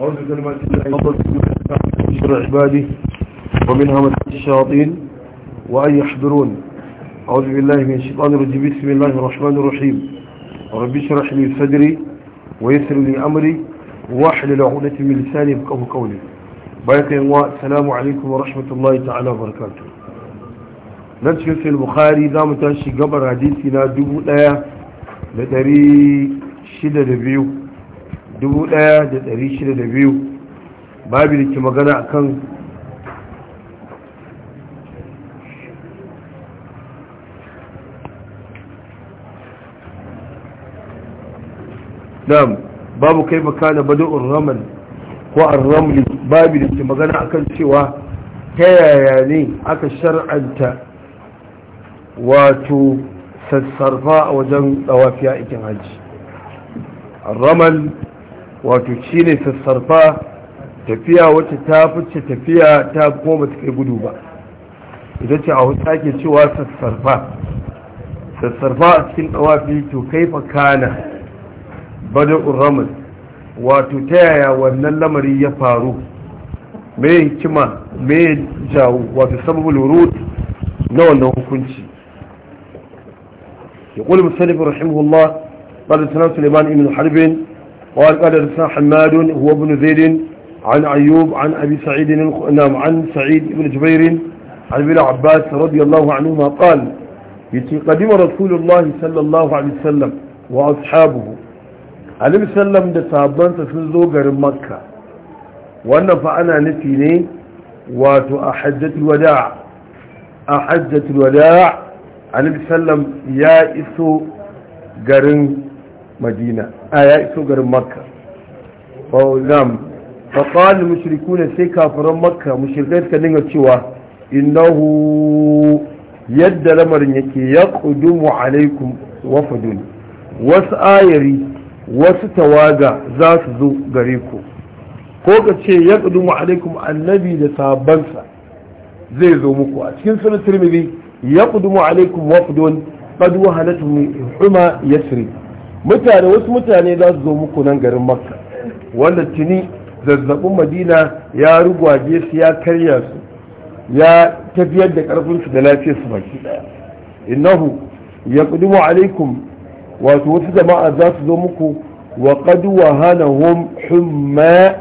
أعوذ بكلمات الله يفضل شر عباده ومن الشياطين وأن يحضرون أعوذ بالله من الشيطان الرجيم بسم الله الرحمن الرحيم ربي اشرح لي صدري ويسر لي أمري واحلل عقدة من لساني يفقهوا قولي بارك الله السلام عليكم ورحمة الله تعالى وبركاته nan في البخاري دام تنشي قبر حديثنا دبو لا na شدد بيو 1602 babu da ke magana a kan nam babu kai makana badu'ur ramal ko ar-ramli babu da ke magana kan cewa ta yaya ne aka shar'anta wato sassarfa a wajen tsawafiya ikin hajji ar-ramal wato shi ne sassarfa tafiya wacce ta fice tafiya ta kuma ta kai gudu ba idan ce a hausa ake cewa sassarfa sassarfa a cikin dawafi to kaifa kana bada uramus wato ta yaya wannan lamari ya faru mai kima mai jawo wato sababul wurud na wannan hukunci يقول المسلم رحمه الله قال سلام سليمان بن حرب قال قال حدثنا حماد هو ابن زيد عن أيوب عن أبي سعيد نعم عن سعيد بن جبير عن ابن عباس رضي الله عنهما قال قدم رسول الله صلى الله عليه وسلم وأصحابه عليه وسلم ده صحابان سنزو garin Makka wannan fa ana nufi ne wato a الوداع عليه وسلم ya iso garin madina a ya iso garin makka faunam faƙalin mashiriku ne sai kafiran makka mashirikai suka dinga cewa innahu yadda lamarin yake ya ƙudumu alaikun wafadun wasu ayari wasu tawaga za su zo gare ku ko ka ce ya ƙudumu alaikun annabi da sabansa zai zo muku a cikin sunan turmili ya ƙudumu alaikun wafadun قد وهنتهم حمى يسري mutane wasu mutane za su zo muku nan garin makka wanda tuni zazzabin madina ya rugwaje su ya karya su ya tafiyar da karfinsu da lafiyar su baki daya innahu ya kudumu alaikum wato wasu jama'a za su zo muku wa qadu wa humma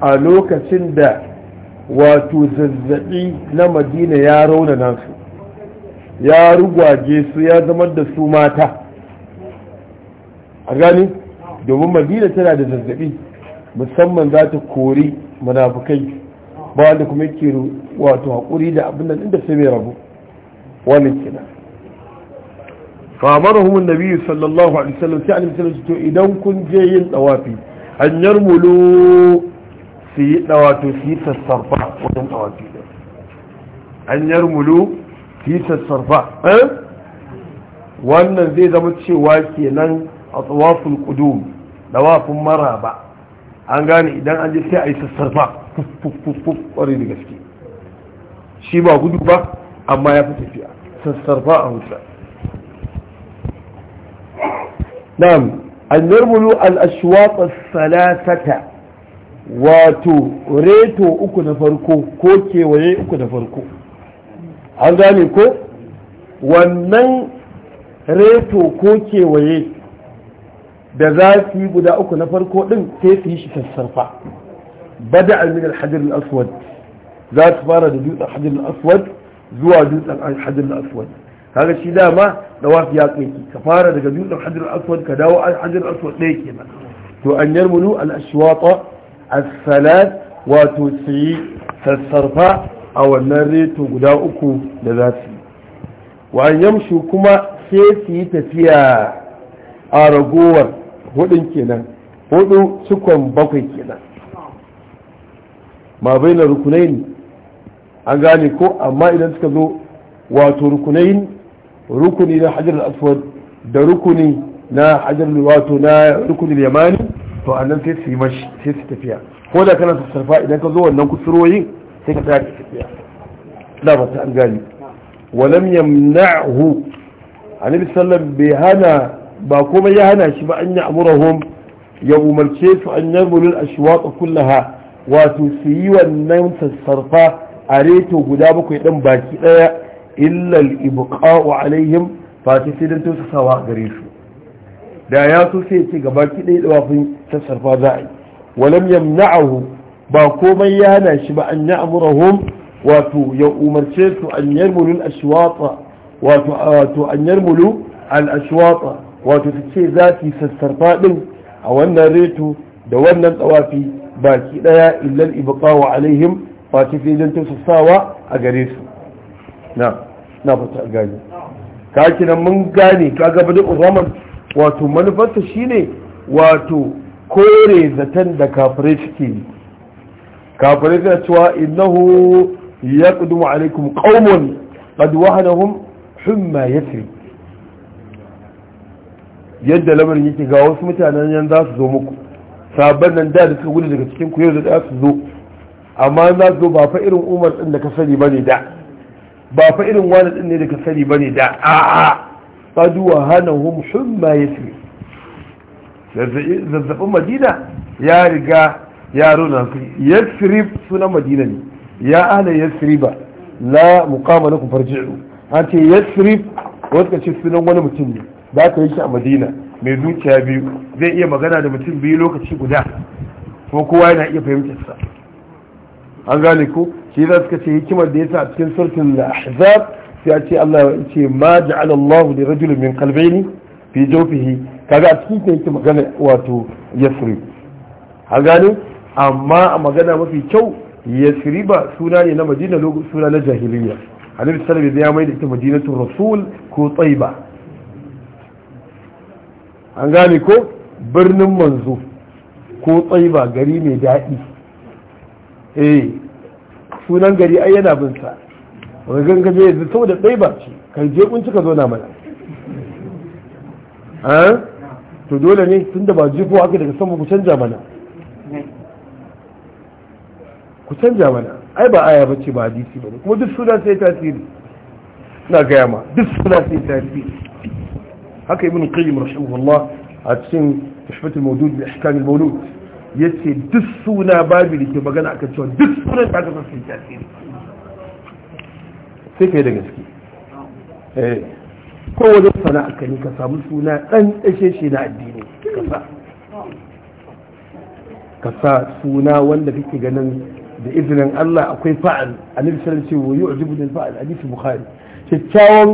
a lokacin da wato zazzabi na madina ya raunana su ya rugwaje su ya zama da su mata a gani domin madina tana da zazzabi musamman za ta kori munafukai ba wanda kuma yake wato haƙuri da abin da inda sai bai rabu wannan kina famar hukumar nabi sallallahu alaihi wasallam sai annabi sallallahu to idan kun je yin dawafi an yarmulu su yi dawato su yi sassarfa wajen dawafi an yarmulu fitar sarfa eh? wannan zai zama cewa kenan a tsawafin kudu da wafin mara ba an gane idan an je sai a yi sassarfa fuf kwarai da gaske shi ba gudu ba amma ya fi tafiya sassarfa a hutsa na'am an yarmulu al'ashwaƙa salatata wato reto uku na farko ko kewaye uku na farko an gane ko wannan reto ko kewaye da za su yi guda uku na farko din sai su yi shi sassarfa bada almin alhajar aswad za su fara da dutsen hajar aswad zuwa dutsen hajar aswad kaga shi dama da wasu ya kai ka fara daga dutsen hajar aswad ka dawo hajar aswad ɗaya kenan to an yarmulu al-ashwata as-salat wato su yi sassarfa a wannan reto guda uku da za su yi wa yamshu kuma sai su yi tafiya a ragowar hudun kenan hudu cikon bakwai kenan ma bai na rukunai ne an gane ko amma idan suka zo wato rukunai rukuni na hajjar aswad da rukuni na hajjar wato na rukunin yamani to annan sai su yi mashi sai su tafiya ko da kana sarfa idan ka zo wannan kusurwoyin sai ka tashi tafiya na ba ta an gani walam yamna'hu annabi sallam bai hana ba komai ya hana shi ba an ya amurahum ya umarce su an yarmulul ashwaqa kullaha wato su yi wannan sassarfa a reto guda bakwai dan baki ɗaya illal ibqa'u alaihim fati sai dan tosa sawa gare su da ya so sai ce gaba ki ɗaya dawafin sassarfa za a yi walam yamna'ahu ba komai ya hana shi ba an ya amurahum wato ya umarce su an yarmulu al-ashwata wato wato an yarmulu al-ashwata wato su ce za su sassarfa din a wannan reto da wannan tsawafi baki daya illal ibqawa alaihim fa tafi dan tsawa a gare su na na fata gani kaki nan mun gane kaga bada uzaman wato manufarta shine wato kore zaton da kafirai suke yi kafirai suna cewa innahu yaqdumu alaikum qaumun hun wahanahum humma yasri yadda lamarin yake ga wasu mutanen yan za su zo muku sabon nan da da suka gudu daga cikin ku yau da za su zo amma za su zo ba fa irin umar ɗin da ka sani ba ne da ba fa irin wani ɗin ne da ka sani ba ne da a'a hun wahanahum humma yasri zazzaɓin madina ya riga yaro na yasrib sunan madina ne ya ahla yasriba la muqama lakum farji'u an ce yasrib wanda ce sunan wani mutum ne za ka yi shi a madina mai zuciya biyu zai iya magana da mutum biyu lokaci guda ko kowa yana iya fahimtar sa an gane ko shi za suka ce hikimar da yasa a cikin surtin da ahzab sai ya ce Allah ya ce ma ja'ala Allahu da rajulin min qalbayni fi jawfihi kaga a cikin yake magana wato yasrib an gane amma a magana mafi kyau yasriba suna ne na madina lokacin suna na jahiliya hannun sallallahu zai ya mai da ita madinatu rasul ko tsaiba an gane ko birnin manzo ko tsaiba gari mai daɗi eh sunan gari ai yana bin sa wani ganga je yanzu saboda ba ce kan je kunci ka zo na mana eh? to dole ne tun da ba jifo aka daga sama ku canja mana ku canja mana ai ba aya bace ba hadisi bane kuma duk suna sai tasiri na gaya ma duk suna sai tasiri haka ibn qayyim rahimahullah a cikin tashfatul mawdud bi ahkam al mawlud yace duk suna babu da ke magana akan cewa duk suna da aka san sai tasiri sai kai da gaske eh ko wani sana'a ka ne ka samu suna dan dashe shi na addini ka sa ka sa suna wanda kake ganin da izinin Allah akwai fa'al a nan alaihi wasallam ce wa ojibu lil fa'al hadisi bukhari kyakkyawan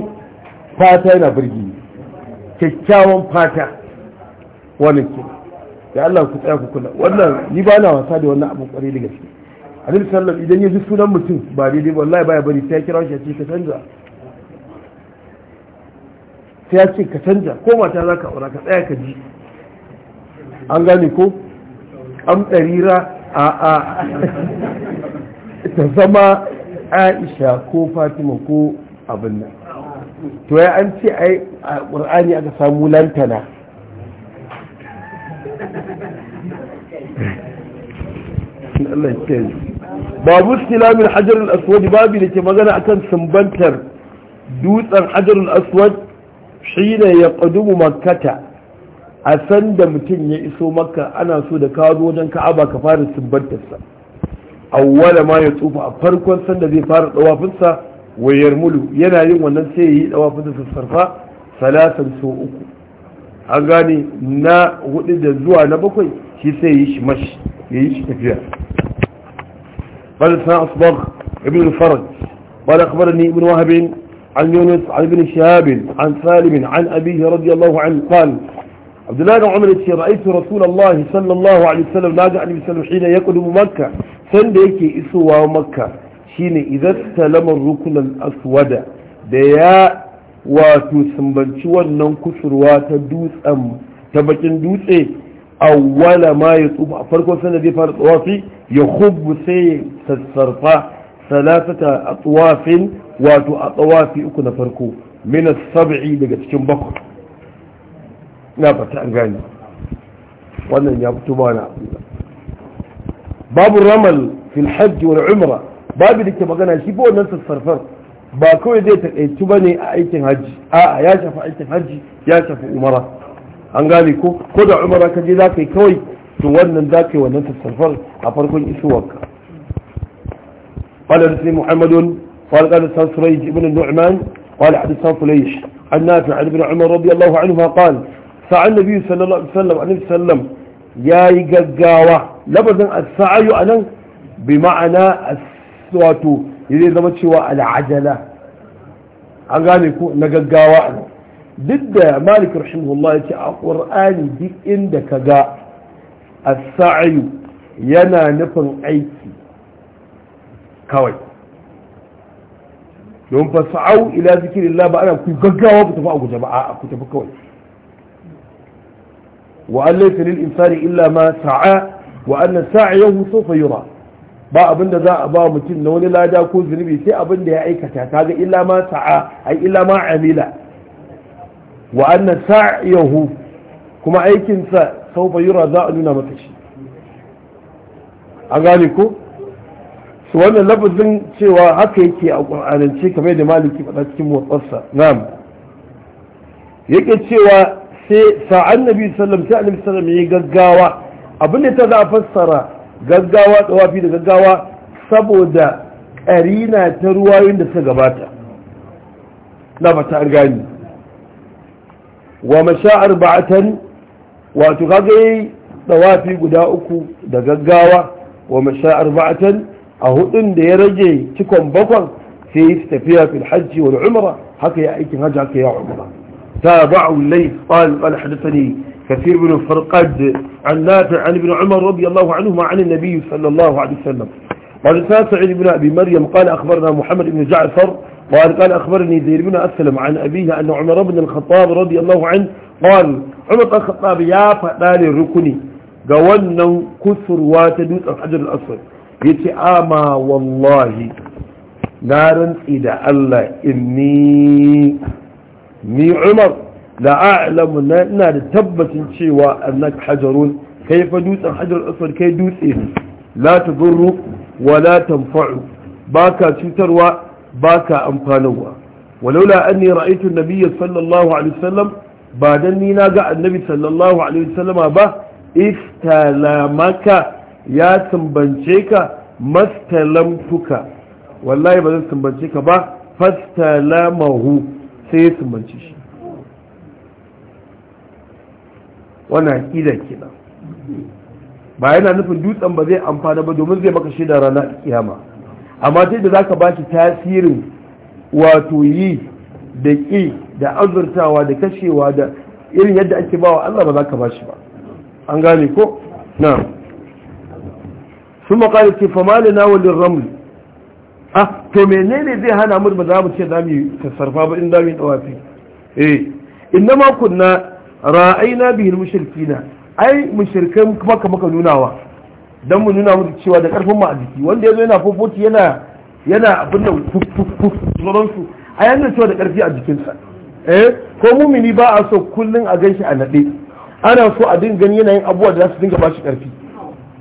fata yana birgi kyakkyawan fata wani ke da Allah ku tsaya ku kula wannan ni ba na wasa da wannan abin kwarai da gaske a nan alaihi idan ya ji sunan mutum ba daidai wallahi baya bari sai ya kira shi ya ce ka canza sai ya ce ka canza ko mata za ka aura ka tsaya ka ji an gane ko an ɗarira a'a ta zama aisha ko fatima ko abin nan to ya an ce ai a ƙur'ani aka samu lantana babu silamin hajjarin aswad babu da ke magana akan sumbantar dutsen hajjarin aswad shi ne ya qadumu makata. a san da mutum ya iso makka ana so da ka zo wajen ka'aba ka fara sumbantarsa awwala ma ya tsufa a farkon sanda zai fara dawafinsa wayar mulu yana yin wannan sai ya yi dawafinsa sassarfa salatan so uku an gane na hudu da zuwa na bakwai shi sai yi shi mashi ya yi shi tafiya bada سنا أصبغ ابن الفرج قال أخبرني ابن وهب عن يونس عن ابن shahabin an-salimin an أبيه رضي الله عنه abdullahi dan umar yace ra'aytu rasulullahi sallallahu alaihi wasallam da yake isowa makka shine idan talama rukunan aswada da ya wato sumbanci wannan kusurwa ta dutsen ta bakin dutse awwala ma ya tsufa farko sanda zai ya hubbu sai ya sassarfa salatata a tsawafin wato a uku na farko sab'i daga cikin نبتعني وانا يبتبانا باب الرمل في الحج والعمرة باب اللي كمغانا يشيبوا ننسى الصرفر باكو يديت ايتباني ايتن هج اه يا شفا ايتن هج يا شفا امرا انقالي كو عمرة كجي ذاكي كوي تونن ذاكي وننسى الصرفر افركون اسوك قال رسلي محمد قال قال السلام ابن النعمان قال حدثان فليش عن نافع عن ابن عمر رضي الله عنه قال sa'an nabi sallallahu alaihi wasallam yayi gaggawa lafazin as-sa'yu anan bi ma'ana wato zai zama cewa al'ajala an gane ko na gaggawa anan duk da malik rahimahullah ya ce a ƙur'ani duk inda ka ga as-sa'yu yana nufin aiki kawai don fasa'au ila zikirin ba ana ku gaggawa ku tafi a guje ba a ku tafi kawai wa an laysa lil insani illa ma sa'a wa'annan sa'a sa'yahu sawfa yura ba abinda za a ba mutum na wani lada ko zunubi sai abin da ya aikata kaga illa ma sa'a ai illa ma amila wa anna sa'yahu kuma aikin sa yura za a nuna mata shi an gane ko su wannan lafazin cewa haka yake a ƙur'anance kamar da maliki faɗa cikin motsarsa na'am yake cewa sai sa'an nabi sallam sai annabi sallam yayi gaggawa abin da ta za a fassara gaggawa tsawafi da gaggawa saboda ƙarina ta ruwayoyin da ta gabata na fata an gani wa masha'ar ba'atan wato kaga da tsawafi guda uku da gaggawa wa masha'ar ba'atan a hudun da ya rage cikon bakon sai yi tafiya fil hajji wal umra haka ya aikin hajji haka ya umra تابعوا الليث قال قال حدثني كثير بن فرقد عن نافع عن ابن عمر رضي الله عنهما عن النبي صلى الله عليه وسلم قال سعيد بن أبي مريم قال أخبرنا محمد بن جعفر قال قال أخبرني زيد بن أسلم عن أبيه أن عمر بن الخطاب رضي الله عنه قال عمر بن الخطاب يا فدان الركني قولنا كثر واتدوت الحجر الأسود يتعامى والله نارا إذا الله إني mi umar la a'lamu na ina da tabbacin cewa annaka hajarun kai fa dutsen hajar aswad kai dutse ne la tudurru wa la tanfa'u baka cutarwa baka amfanarwa walaula anni ra'aytu an-nabiyya sallallahu alaihi wasallam ba dan ni na ga annabi sallallahu alaihi wasallam ba istalamaka ya tambance ka mastalamtuka wallahi ba zan tambance ka ba fastalamahu sai ya sumbanci shi wannan ke nan ba yana nufin dutsen ba zai amfana ba domin zai maka da rana kiyama amma sai da zaka ba shi tasirin wato yi da ƙi da azurtawa da kashewa da irin yadda ake bawa Allah ba za ka ba shi ba an gane ko na sun maƙarfi famalina wa Ramli. a ah, to menene zai hana mu ba za mu ce za mu ba in da mu yi dawafi eh ma kunna ra'ayna bihil mushrikina ai mushrikan kuma ka maka nunawa dan mu nuna muku cewa da karfin mu a jiki wanda yazo yana fofoti yana yana abin da su a yana cewa da karfi a jikinsa eh ko mumini ba a so kullun a ganshi a nade ana so a dinga gani yana yin abubuwa da za su dinga ba shi karfi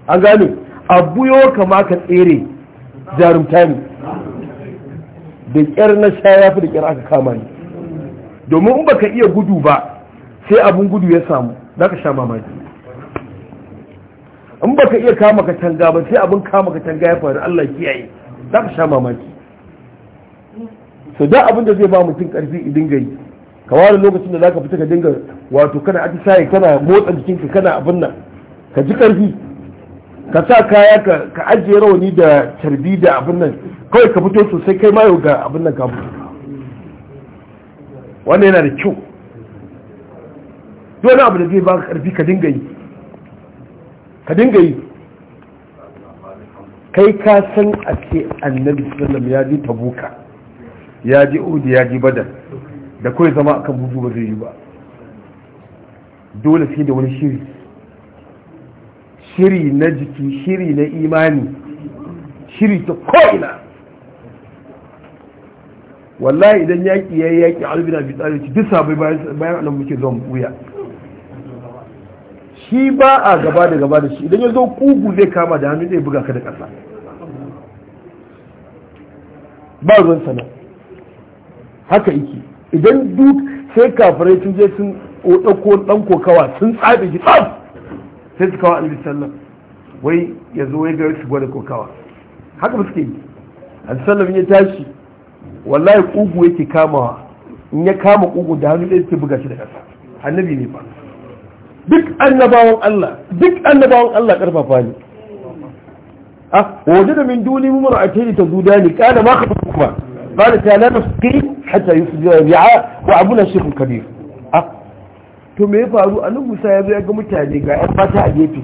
an gane abu yau kama ka tsere jarumtami. da kyar na sha ya fi da kyar aka kama ni domin in baka iya gudu ba sai abin gudu ya samu za ka sha mamaki in baka iya kama ka tanga ba sai abin kama ka tanga ya faru Allah kiyaye za ka sha mamaki sau da abin da zai ba mutum karfi idin gari ka ware lokacin da za ka fita ka dinga wato kana atisaye kana motsa jikinka kana abin nan ka ji karfi ka sa kaya ka ajiye rauni da carbi da abin nan kawai ka fito sosai kai ma yau ga abin nan ka wanda yana da kyau dole abu da zai ba karfi ka dinga yi ka dinga yi kai ka san a ce annabi sallam ya ji tabuka ya ji udi ya ji badar da kawai zama akan buzu ba zai yi ba dole sai da wani shiri shiri na jiki shiri na imani shiri ta ko'ina wallahi idan yaƙi ya yi yaƙi albina bi tsari ci duk bai bayan annan muke zuwa wuya shi ba a gaba da gaba da shi idan ya zo kugu zai kama da hannu zai buga ka da ƙasa ba ruwan sana haka yake idan duk sai kafirai sun je sun ɗauko ɗan kokawa sun tsabe shi sai su kawo annabi sallam wai ya zo ya gari su gwada kokawa haka ba suke yi annabi sallam ya tashi wallahi kugu yake kamawa in ya kama kugu da hannu ɗaya suke buga shi da ƙasa annabi ne ba duk annabawan Allah duk annabawan Allah karfafa ne ah waje da min duni mu mara ta ne kada ma ka kuma قال لا نسقي حتى يفجر الرعاء وأبونا الشيخ الكبير to me ya faru a nan musa ya zo ya ga mutane ga yan mata a gefe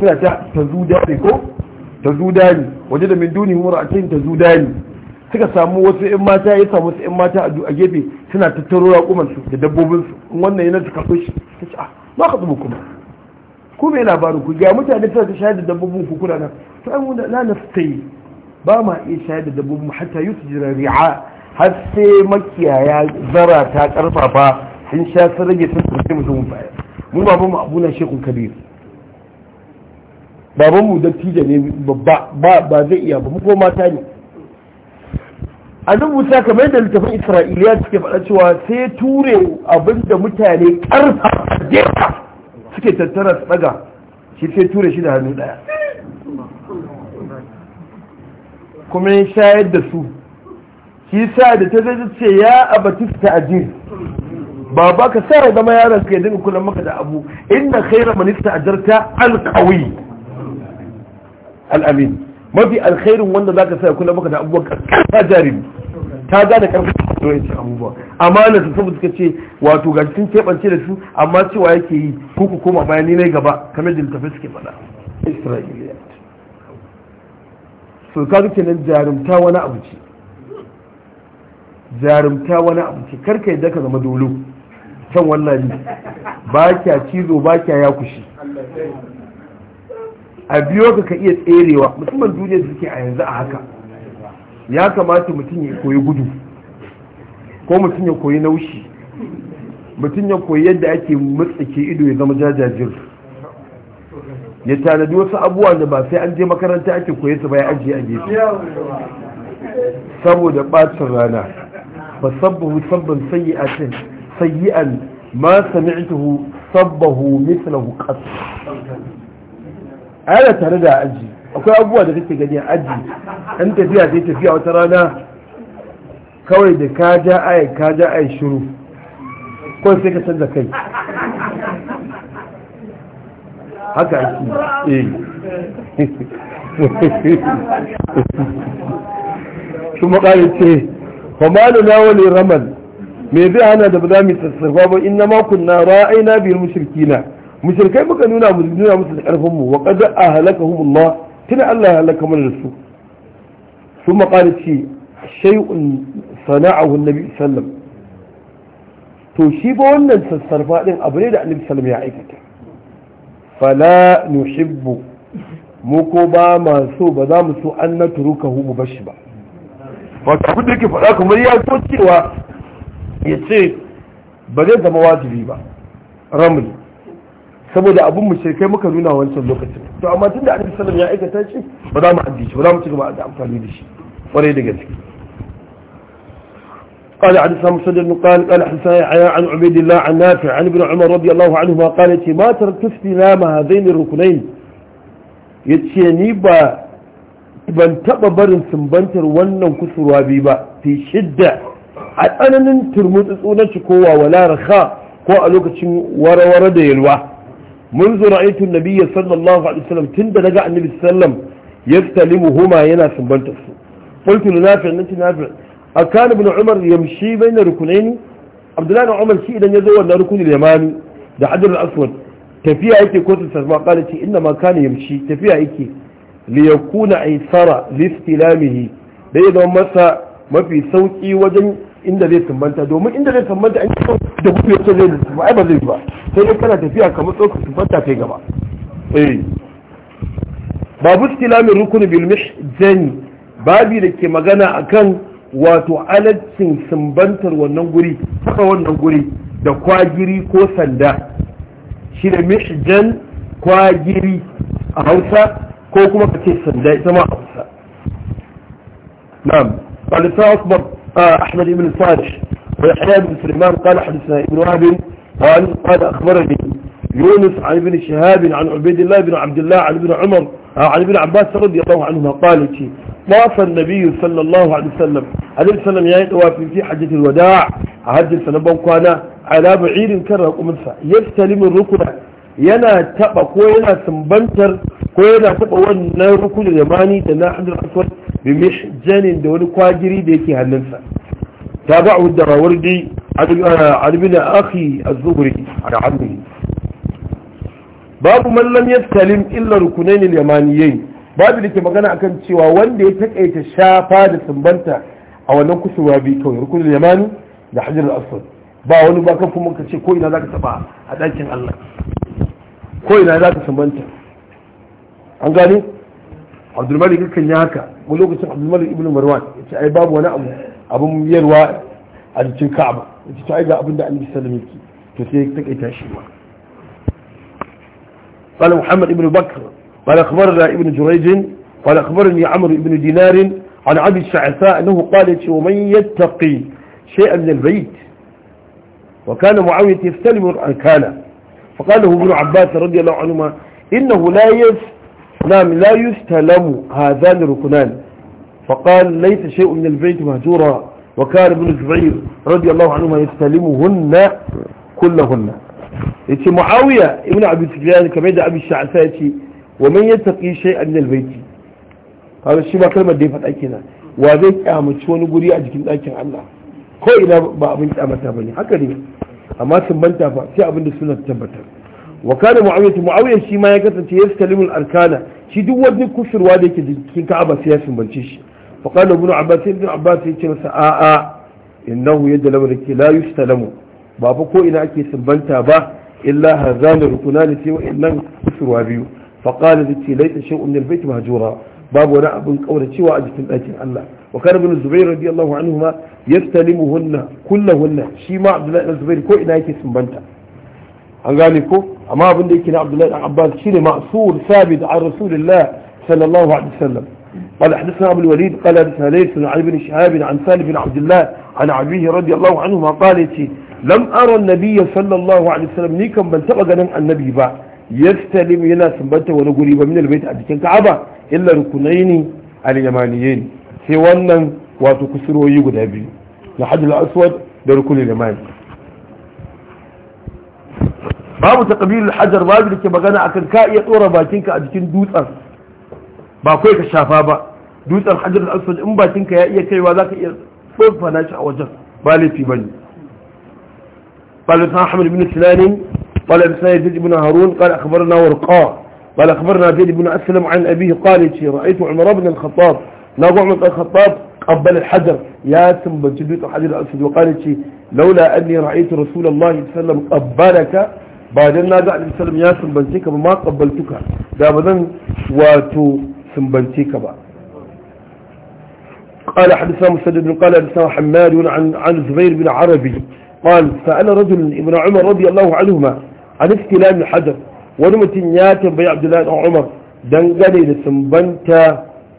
suna ta ta zuda ne ko ta zuda ne waje da min duni mura a cikin ta zuda ne suka samu wasu yan mata ya samu wasu yan mata a gefe suna tattaro raƙuman su da dabbobin su wannan yana suka so ta ce ah, a ma ka tsubu kuma ku me labarin ku ga mutane suna ta shayar da dabbobin ku kuna nan to an wanda la naftai ba ma iya shayar da dabbobin hatta jira ri'a har sai makiyaya zara ta karfafa sun sha sun rage sun kurce mutum baya mu baban mu abuna shekun kabir baban mu dattijo ne babba ba ba zai iya ba mu ko mata ne a wuta kamar yadda littafin isra'iliya suke faɗa cewa sai ture abin da mutane ƙarfa jefa suke tattara su ɗaga shi sai ture shi da hannu ɗaya kuma ya shayar da su shi sa da ta zai ce ya abatista ajiyar baba ka sa ya zama yaron ka ya dinga kula maka da abu inna khaira man ista'jarta al-qawi al-amin mafi alkhairin wanda zaka sa ya kula maka da abubuwan ka jarimi ta gane karfin yawancin abubuwa amana su saboda suka ce wato ga sun kebance da su amma cewa yake yi ko ku koma bayan ni na gaba kamar da tafi suke faɗa isra'iliya so ka zuke nan jarumta wani abu ce jarumta wani abu ce karka yadda ka zama dolo shan wannan ne ba kya cizo ba kya ya kushi a biyo ka ka iya tserewa musamman duniya da suke a yanzu a haka ya kamata mutum ya koyi gudu ko mutum ya koyi naushi mutum ya koyi yadda ake matsake ido ya zama jajajir ya tanadi wasu abubuwa da ba sai an je makaranta ake koyi su bayan ajiye a gefe saboda ɓacin rana ba sabbin sabbin sayi a sayi'atin sayi'an ma sami'tuhu sabbahu mithlahu qat ala tare da aji akwai abubuwa da kake gani a aji an tafiya sai tafiya wata rana kawai da ka ja ai ka ja ai shiru ko sai ka canza kai haka ake eh kuma ƙari ce fa malu na wani ramal me zai hana da ba za mu sassafa ba inna ma kunna ra'ayna bil mushrikina mushrikai muka nuna mu nuna musu da karfin mu wa qad ahlakahum Allah tuna Allah ya halaka mana da su sun قال شيء شيء صنعه النبي صلى to shi ba wannan sassarfa din abu ne da annabi sallam ya aikata fala nuhibbu mu ko ba ma so ba za mu so an na turuka hu mu bashi ba wato abin da yake faɗa kamar ya so cewa ya ce ba zai zama wajibi ba ramli saboda abin mu kai muka nuna wancan lokacin to amma tun da annabi sallam ya aikata shi ba za mu addi shi ba za mu ci gaba da amfani da shi kwarai da gaske قال عن سام مسدد قال قال حسان يحيى عن عبيد الله عن نافع عن ابن عمر رضي الله عنهما قال ما تركت استلام هذين الركنين يتشيني با ban taɓa barin sumbantar wannan kusurwa bi ba fi a tsananin turmutsu na cikowa wala rakha ko a lokacin warware da yalwa mun zo ra'aytu Nabiya sallallahu alaihi wasallam da daga annabi sallam yaftalimu muhuma yana sumbanta su qultu na nafi' nanti nafi' akan ibn umar yamshi bai bayna rukunaini abdullahi na umar shi idan ya yazo wannan rukunin yamani da hajar al-aswad tafiya yake ko ta sarfa qala ce inna ma kana yamshi tafiya yake li yakuna aysara li istilamihi dai don masa mafi sauki wajen inda zai sumbanta domin inda zai sumbanta an yi da gudu ya zai zai ba ai ba zai ba sai dai kana tafiya kamar tsokar sumbanta kai gaba eh babu istilamin rukun bil mihjani babi da ke magana akan wato alaccin sumbantar wannan guri saka wannan guri da kwagiri ko sanda shi da mihjan kwagiri a hausa ko kuma kace sanda ita ma a hausa na'am qalisas آه، أحمد بن الفارش ويحيى بن سليمان قال حدثنا ابن وهب قال قال أخبرني يونس عن ابن شهاب عن عبيد الله بن عبد الله عن ابن عمر آه، عن ابن عباس رضي الله عنهما قال طاف النبي صلى الله عليه وسلم عليه وسلم يا يعني طواف في حجة الوداع حجة سنبوكوانا على بعير كره ومنفع يستلم الركنة yana taba ko yana sumbantar ko yana taba wannan rukun yamani da na hajjar aswad bi mishjanin da wani kwagiri da yake hannunsa ta ba a wadda rawar di albina eh, akhi a zuhri ala abdihi babu mallam ya salim illa rukunayn al-yamaniyyin babu ke magana akan cewa wanda ya taƙaita shafa da sumbanta a wannan kusurwa bi kawai rukunin yamani da hajjar aswad ba wani ba kan kuma ka ce ko ina za ka taba a ɗakin Allah ko ina za ka sumbanta an gane abdulmalik kan yi haka mu lokacin abdulmalik ibn marwan ya ce ai babu wani abu abin yarwa a jikin ka'aba ya ce to ai ga abin da annabi sallallahu alaihi to sai ya takaita shi ma قال محمد بن بكر قال أخبرنا ابن جريج قال أخبرني عمرو بن دينار عن عبد الشعثاء أنه قال ومن يتقي شيئا من البيت وكان معاوية يستلم الأركان فقال له ابن عباس رضي الله عنهما إنه لا يس نعم، لا يستلم هذان الركنان فقال ليس شيء من البيت مهجورا وكان ابن الزبير رضي الله عنهما يستلمهن كلهن إذا معاوية ابن عبد السفيان كما يدى أبي الشعثات ومن يتقي شيئا من البيت هذا الشيء ما كلمة ديفة أكينا وذلك أهمت شوان قريئة جكين أكين الله ko ina ba abin kyamata ba ne haka ne amma sun banta fa sai abin da suna tabbatar wa kana mu'awiyatu mu'awiya shi ma ya kasance yaskalimul arkana shi duk wani kusurwa da yake cikin ka'aba sai ya sunbance shi fa kana ibn abbas ibn abbas yace masa a a innahu yadda lamarki la yustalamu ba fa ko ina ake sumbanta ba illa hazana rukunani sai innan kusurwa biyu fa qala zati laita shay'un min al-bayt mahjura babu wani abin cewa a jikin ɗakin Allah وكان ابن الزبير رضي الله عنهما يستلمهن كلهن شي ما عبد الله بن الزبير كو ان هيك اسم ان قال لكم اما ابن ديك عبد الله بن عباس شي معصور ثابت على رسول الله صلى الله عليه وسلم قال حدثنا ابو الوليد قال حدثنا ليس عن ابن شهاب عن سالم بن عبد الله عن عبيه رضي الله عنهما قال لم ارى النبي صلى الله عليه وسلم نيكم بنت بغن النبي با يستلم ينا سنبته ولا قريبه من البيت عند الكعبه الا ركنين اليمانيين sai wannan wato kusuroyi guda biyu na hajjul aswad da rukunin limani babu ta ƙabilin hajjar babu da ke magana a kan ka iya tsora bakinka a jikin dutsen ba kai ka shafa ba dutsen hajar aswad in bakinka ya iya kaiwa za ka iya tsofa na shi a wajen ba laifi bane قال Ahmad bin سنان قال ابن سيد بن هارون قال أخبرنا ورقاء قال أخبرنا زيد بن أسلم عن أبيه قال رأيت عمر بن الخطاب na gwamnan ɗan khattab qabbal al-hajar ya tambaci dutsen hajar al-aswad wa qala ce laula anni ra'aytu rasulullahi sallallahu alaihi ba dan na da annabi sallallahu ya sumbance ka ba ma qabbaltuka da ba zan wato sumbance ka ba قال حدثنا مسدد قال حدثنا حماد عن عن زبير بن عربي قال سأل رجل ابن عمر رضي الله عنهما عن استلام wani mutum ya tambayi عبد الله umar dangane da لسنبنت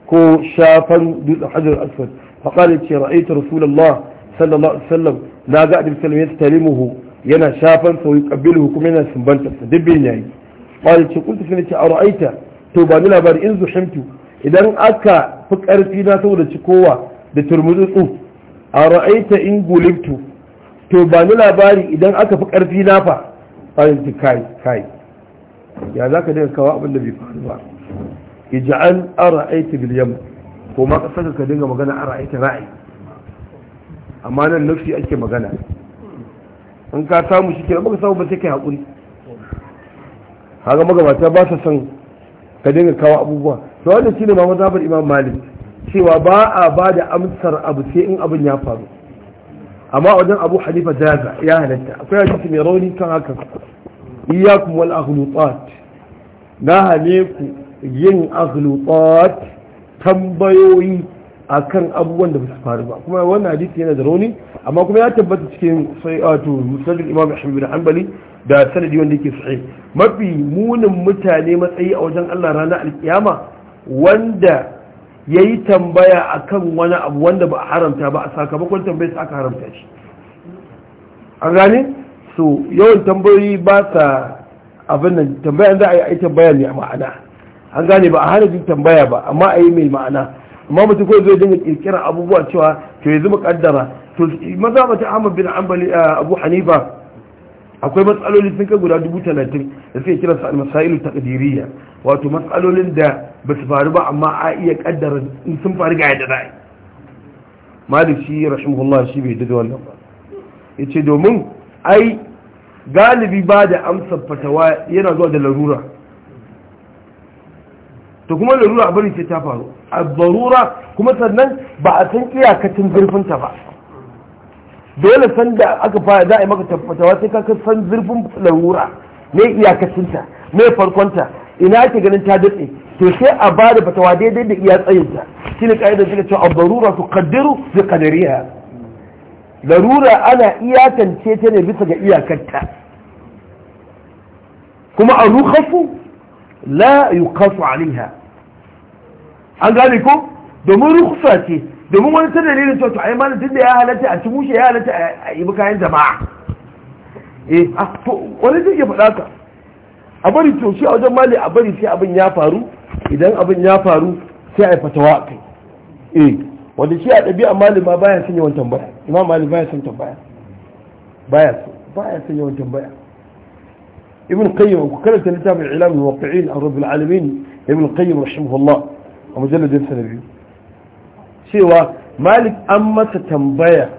ko shafan dutsen hajar aswad faƙalar ce ra'aitu rasulullah sallallahu alaihi wasallam na ga adib sallam ya talimuhu yana shafan sa yuqabbiluhu kuma yana sumbanta sa dubbin yayi qala ce kuntu sai ce ra'aita to ba ni labari in zuhimtu idan aka fi karfi na saboda cikowa da turmutsu ara'aita in gulibtu to ba ni labari idan aka fi karfi na fa qala ce kai kai ya zaka daga kawo abin da bai faru ba ij'al ara'aita bil yamma ko ma kasaka ka dinga magana ara'aita ra'ayi. amma nan nafsi ake magana in ka samu shi kenan baka samu ba sai kai hakuri haka magabata ba sa son ka dinga kawo abubuwa to wannan shine ma mazhabar imam malik cewa ba a ba da amsar abu sai in abin ya faru amma wajen abu halifa jaza ya halatta akwai hadisi mai rauni kan haka iyakum wal akhluqat na hane ku yin aghluqat tambayoyi akan abubuwan da su faru ba kuma wannan hadisi yana da rauni amma kuma ya tabbata cikin sahihatu musnadul imam ahmad bin hanbali da sanadi wanda yake sahih mafi munin mutane matsayi a wajen Allah ranar alkiyama wanda yayi tambaya akan wani abu wanda ba haramta ba a sakamakon tambayar sa aka haramta shi an gane so yawan tambayoyi ba sa abin nan tambayar za a yi tambaya ne a ma'ana an gane ba a harafin tambaya ba amma a yi mai ma'ana amma mutum ko zai dinga kirkira abubuwa cewa to yanzu mu kaddara to maza ahmad bin ambali eh, abu hanifa akwai matsaloli sun kai guda dubu da suke kira su masailu taqdiriyya wato matsalolin da ba su faru ba amma a iya kaddara in sun faru ga yadda dai malik shi rahimahullah shi bai dade wannan ba yace domin ai galibi ba da amsa fatawa yana zuwa da larura to kuma larura abin ce ta faru a barura kuma sannan ba a san iyakacin zurfinta ba dole san da aka fara za a yi maka tabbatawa sai ka san zurfin larura ne iyakacinta ne farkonta ina ake ganin ta datse to sai a ba da fatawa daidai da iya tsayinta shi ne ka'idar suka cewa barura su kaddiru da kadariya larura ana iyakance ta ne bisa ga iyakarta kuma a rukafu la yuqasu alaiha an gane ko domin rukhsa ce domin wani ta dalilin yi mana malam tunda ya halatta a ci mushe ya halatta a yi kayan jama'a eh ah, to wani zai ya faɗa ka a bari to shi a wajen mali a bari sai abin ya faru idan abin ya faru sai a yi fatawa a kai eh wanda shi a ɗabi'a mali ma baya son yawan tambaya imam malam baya son tambaya baya son yawan tambaya ibn qayyim ku karanta littafin ilamin waqi'in an rabbil alamin ibn qayyim rahimahullah a mujalladin sa biyu cewa malik an masa tambaya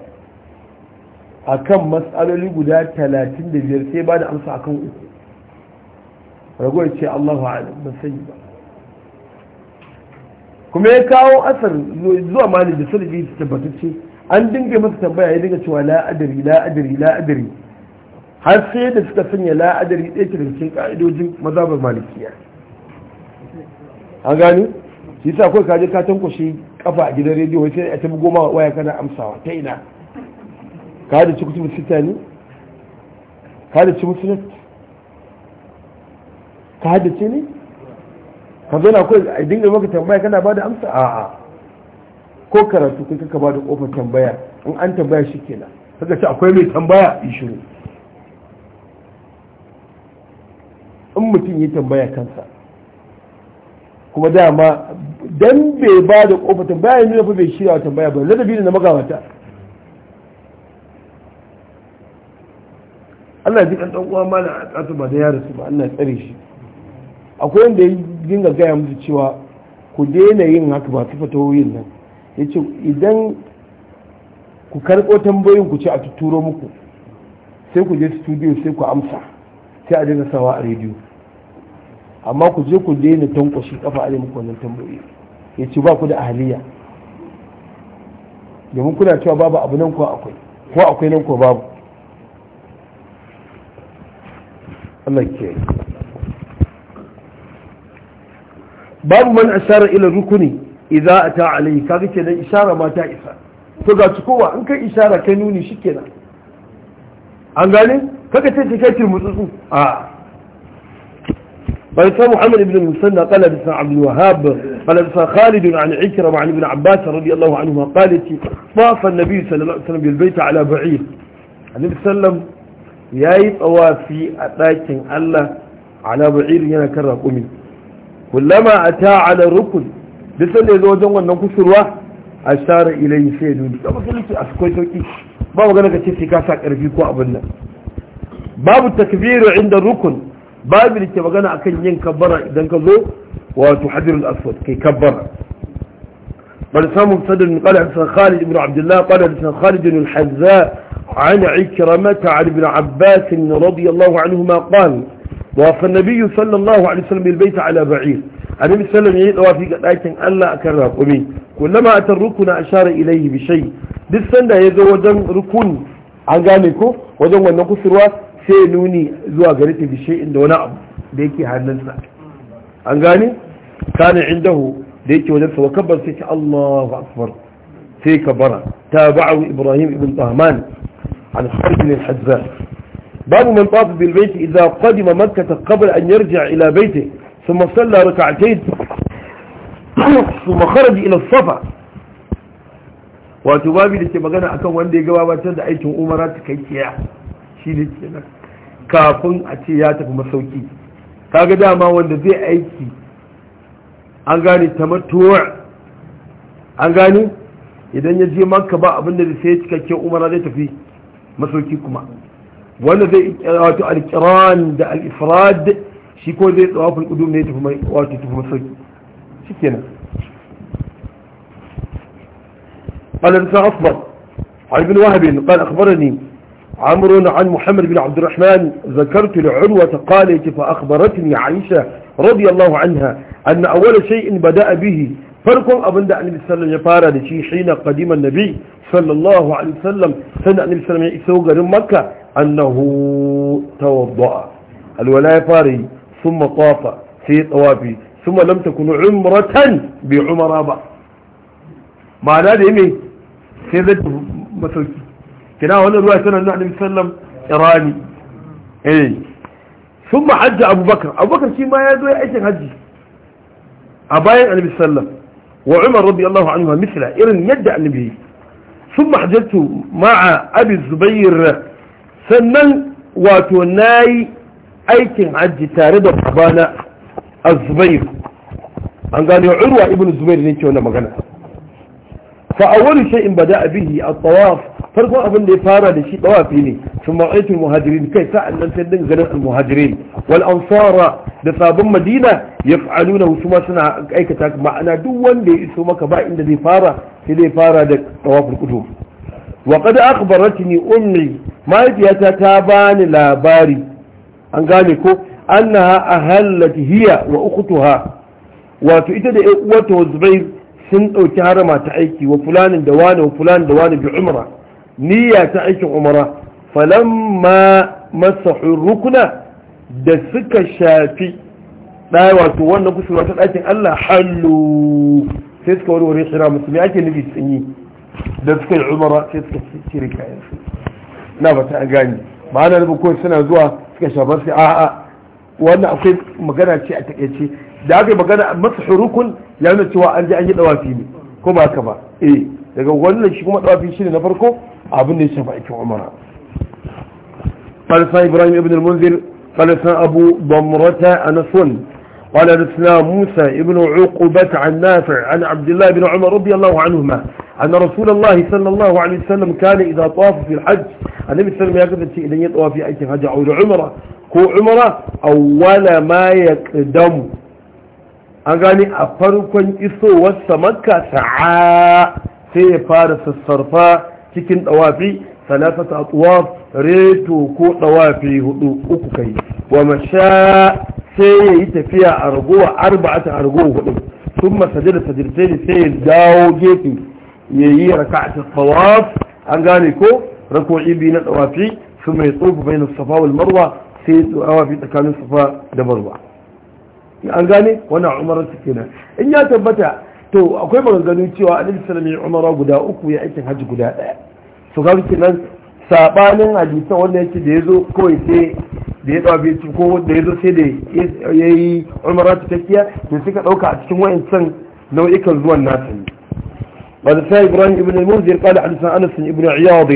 akan mas'aloli guda 35 sai ba da amsa akan uku ragowar ce Allahu alam ban ba kuma ya kawo asar zuwa malik da salafi ta tabbatacce an dinga masa tambaya ya dinga cewa la adari la adari la adari har sai da suka sanya la'adari ɗaya ta cikin ƙa'idojin mazhabar malikiya an gani shi sa kawai kaje ka tankwashe kafa a gidan rediyo wai sai a tafi goma waya kana amsawa ta ina ka da ci kutubu sita ne ka da ci musulat ka da ci ne ka zo na kawai a dinga maka tambaya kana ba da amsa a'a ko karatu kai kaka ba da kofar tambaya in an tambaya shi kenan kaga ci akwai mai tambaya in shiru in mutum ya tambaya kansa kuma dama dan bai ba da kofa tambaya ya nuna fa bai shirya tambaya ba ladabi da na magawata Allah ya ji kan dan uwa mala a tsatu ba da yaro su ba Allah tsare shi akwai wanda ya dinga gaya musu cewa ku daina yin haka ba su yin nan ya ce idan ku karɓo tambayin ku ce a tuturo muku sai ku je studio sai ku amsa sai a dinga sawa a rediyo amma ku je ku daina tankwashi kafa a muku wannan tambayi ya ce ba ku da ahaliya domin kuna cewa babu abu nan ko akwai ko akwai nan ko babu Allah ke babu man ashara ila rukuni idza ata alayhi kaga kenan ishara ma ta isa to ga kowa in kai ishara kai nuni shikenan an gane kaka ce ce kai mutsutsu a bai sa muhammad ibn musanna qala bi sa'ab al wahhab qala bi khalid an ikra wa an ibn abbas radiyallahu anhu ma qala ti safa an nabiy sallallahu alaihi wasallam bil bayt ala ba'ir an ibn sallam yayi tawafi a dakin allah ala ba'ir yana karra qumi kullama ata ala rukn bi sallai zo wajen wannan kusurwa ashara ilayhi sayyidun da ba kalli ki asko toki ba magana ka ce sai ka sa karfi ko abin nan باب التكبير عند الركن باب اللي ke magana akan yin kabbara idan ka zo wato hajjar al-aswad kai kabbara bal samu sadr min qala hasan khalid ibn abdullah qala hasan عن عكرمة عن ابن عباس رضي الله عنهما قال وفى النبي صلى الله عليه وسلم البيت على بعير النبي صلى الله عليه وسلم يقول لك ألا أكره قمي كلما أتى الركن أشار إليه بشيء بس أنه يدو ركن عن قامكو ودن ونقص الواس sai nuni zuwa gare ta bishe inda wani abu da yake hannunsa an gane kana indahu da yake wajen sa kabbar sai ce Allahu akbar sai kabara tabi'u Ibrahim ibn Tahman an Khalid bin Hazzan babu man tafi bil bayt idza qadima makkah qabla an yarji'a ila baytihi thumma salla rak'atayn thumma kharaja ila as-safa wato babu da ke magana akan wanda ya gabatar da aikin umara cikakkiya shi ne nan kafin a ce ya tafi masauki kaga dama wanda zai aiki an gane tamattuwa an gane idan ya je maka ba abin da sai cikakken umara zai tafi masauki kuma wanda zai wato alkiran da al'ifrad shi ko zai tsawafin kudu ne tafi wato tafi masauki shikenan قال ابن أصبر عن ابن وهب قال اخبرني عمر عن محمد بن عبد الرحمن ذكرت لعروة قالت فأخبرتني عائشة رضي الله عنها أن أول شيء بدأ به فرق أبن دعني بسلم يفارى لشي حين قديم النبي صلى الله عليه وسلم سنة أني بسلم يسوق مكة أنه توضع الولاء فاري ثم طاف في طوافي ثم لم تكن عمرة بعمر أبا معنى ذي إيه؟ مين سيدة مثل kina wannan ruwa tana nuna annabi sallam irani eh sun ma abubakar abubakar shi ma ya zo ya aikin hajji a bayan annabi sallam wa umar radiyallahu anhu misla irin yadda annabi sun ma hajjatu ma'a abi zubair sannan wato nayi aikin hajji tare da babana az-zubair an gane urwa ibn zubair ne ke wannan magana fa awwalu shay'in bada'a bihi at-tawaf farkon abin da ya fara da shi dawafi ne sun ma'aikin muhajirin kai sa'an nan sai dinga ganin muhajirin wal ansara da sabon madina ya fa'aluna su ma suna aikata ma'ana duk wanda ya iso maka ba inda zai fara sai zai fara da dawafin kudu wa qad akhbaratni ummi mahaifiyata ta bani labari an gane ko annaha ahallat hiya wa ukhtuha wato ita da ƴan uwarta Zubair sun ɗauki harama ta aiki wa fulanin da wani wa fulanin da wani bi umra niyya ta aikin umara falamma masahu rukuna da suka shafi ɗaya wato wannan kusurwa ta ɗakin Allah hallu sai suka wani wani shira musulmi ake nufi tsanyi da suka yi umara sai suka cire kayan su na ba ta gani ba na nufin kawai suna zuwa suka shafar sai a'a wannan akwai magana ce a takaice da aka yi magana masu hurukun ya nuna cewa an ji an yi dawafi ne ko ba haka ba eh daga wannan shi kuma shi ne na farko abin da ya shafa aikin umara قال إبراهيم ابن المنذر قال أبو ضمرة أنس قال حدثنا موسى ابن عقبة عن نافع عن عبد الله بن عمر رضي الله عنهما أن رسول الله صلى الله عليه وسلم كان إذا طاف في الحج النبي صلى الله عليه وسلم يقف إذا يطوى في أي حج أو العمرة هو عمرة أول ما يقدم أغاني أفرقا إسو والسمكة سعاء sai ya fara sassarfa cikin dawafi ta atwaf reto ko dawafi hudu uku kai wa masha sai ya yi tafiya a ragowa arba'ata a ragowa hudu sun masaje da sajirce ne sai ya dawo gefe ya yi a tawaf an gane ko rako'i biyu na dawafi su mai tsofa bai na safa wal marwa sai tsawafi tsakanin safa da marwa an gane wani umarar su kenan in ya tabbata to akwai maganganu cewa a sallallahu alaihi umara guda uku ya aikin hajji guda daya to ga kenan sabanin hadisan wanda yake da yazo kawai sai da ya dawo ci ko da yazo sai da yayi umara cikakkiya to suka dauka a cikin wayancan nau'ikan zuwan nasa ne قال سيد إبراهيم بن المنذر قال حدثنا أنس بن عياض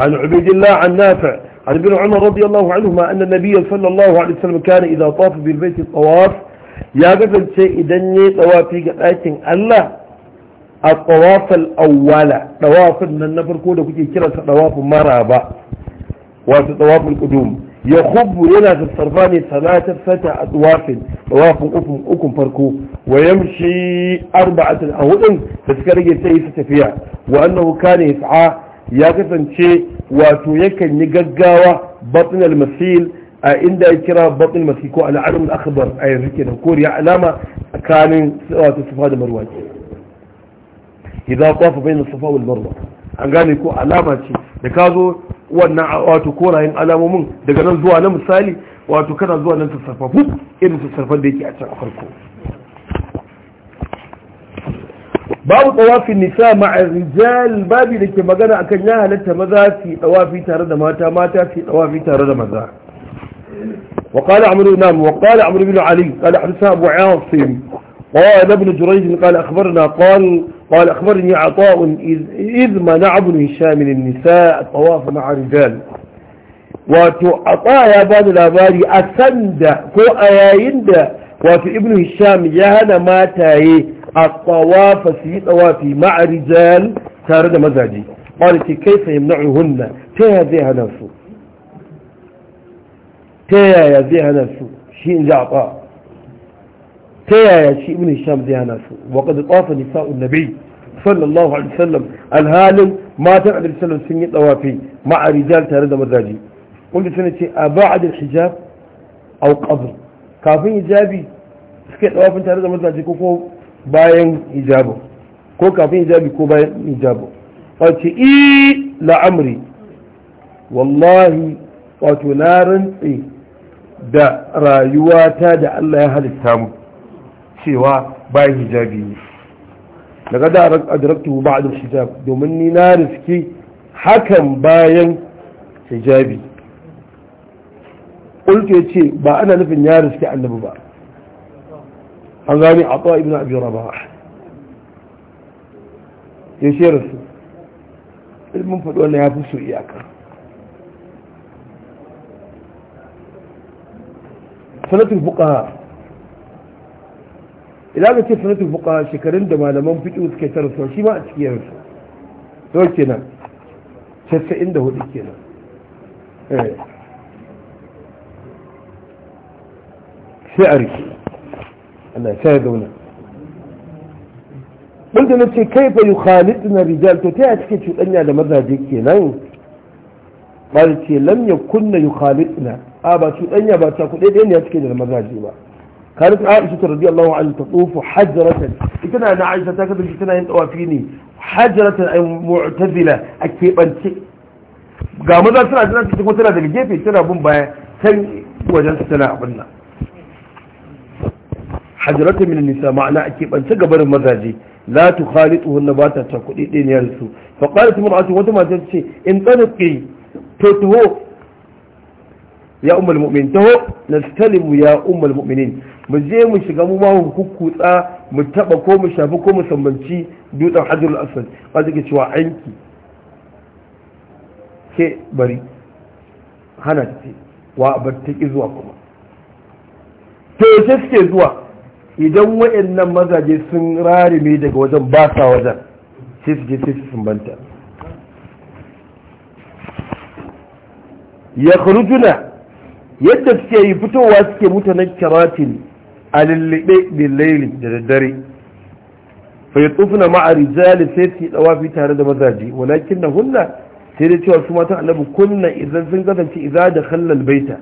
عن عبيد الله عن نافع عن ابن عمر رضي الله عنهما أن النبي صلى الله عليه وسلم كان إذا طاف بالبيت الطواف ya kasance idan ya yi tsawafi ga ɗakin Allah a tsawafin awwala tsawafin nan na farko da kuke kiransa tsawafin maraba wato tsawafin kudum ya hubbu yana sassarfa ne salatar sata a tsawafin tsawafin ukun farko wa yamshi a hudun da suka rage sai su tafiya wa annahu kana yas'a ya kasance wato yakan yi gaggawa batnal masil a inda ya kira batul masi ko al'adun akhbar a yanzu da kori ya alama tsakanin wato sufa da marwa ke idza qafa bayna safa wal marwa an gane ko alama ce da ka zo wannan wato korayen alamomin daga nan zuwa na misali wato kana zuwa nan sassarfafu irin sarfa da yake a can farko babu tsawafin nisa ma'ar rijal babi da ke magana akan ya halatta maza fi tsawafi tare da mata mata fi tsawafi tare da maza وقال عمرو بن نعم، وقال عمرو بن علي قال ابو عاصم قال ابن جريج قال أخبرنا قال قال أخبرني عطاء إذ اذ منع ابن هشام النساء الطواف مع رجال وعطاء يا بان الأباري أسند كو أيايند وفي ابن هشام يا هذا ما تاي الطواف في طواف مع رجال تارد مزاجي قالت كيف يمنعهن تهذيها نفسه ta yaya zai hana su shi in ji a ta yaya shi ibn sham zai hana su wa qad tawafa nisa'un nabiy sallallahu alaihi wasallam alhalin matan annabi sallallahu sun yi tawafi ma'a rijal tare da mazaji wanda suna ce a ba'ad al-hijab aw qabl kafin hijabi suka yi tawafin tare da mazaji ko bayan hijabu ko kafin hijabi ko bayan hijabu wace i la'amri wallahi wato na rantsi da rayuwata da Allah ya halitta mu cewa bayan hijabi ne daga da adraktu ba'da hijab domin ni na riski hakan bayan hijabi qultu ce ba ana nufin ya riski annabi ba an gani ata ibn abi rabah ya shi rasu ilmin faɗo na ya fi so iyaka sanatul fuqaha idan ka ce sanatul fuqaha shekarun da malaman fiqh suke tarasuwa shi ma a cikin yaro to kenan hudu kenan eh sai a rike Allah ya sai zauna wanda na ce kai fa yukhalidna rijal to ta ya cike da mazaje kenan bari ce lam ya kunna yi khalidina a ba su ɗanya ba ta kuɗe ɗaya ne ya cike da mazaje ba karit aisha ta radiyallahu anha ta tsofu hajjaratan ita na aisha ta kasance tana yin tsawafi ne hajjaratan ay mu'tazila a keɓance ga maza suna tana cikin kuma tana daga gefe tana bin baya can wajen su tana abin nan hajjaratan min nisa ma'ana a keɓance gabarin mazaje la tukhalituhunna ba ta ta kuɗe ɗaya ne ya rasu fa qalat mar'atu wata mata ce in tsanqi to taho ya ummul mu'min taho nastalimu ya ummul mu'minin mu je mu shiga mu ma hukukutsa mu taba ko mu shafi ko mu sambanci dutsen hajjul asad ba zai cewa aiki ke bari hana ce wa bar ta ki zuwa kuma to yace suke zuwa idan waɗannan mazaje sun rarime daga wajen ba sa wajen sai su je sai su sumbanta ya kurjuna yadda suke yi fitowa suke mutanen kiratin a lullube da daddare fa ya tsufina ma'a rijali sai su yi dawafi tare da mazaje walakin na hunna sai da cewa su matan annabi kunna idan sun kasance iza da hallal baita